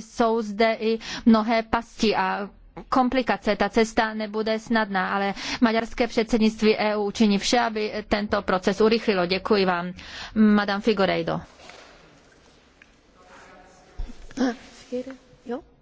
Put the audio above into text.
jsou zde i mnohé pasti a komplikace, ta cesta nebude snadná, ale maďarské předsednictví EU učiní vše, aby tento proces urychlilo. Děkuji vám. Madame Figueiredo. Ah,